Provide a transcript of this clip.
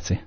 Grazzi.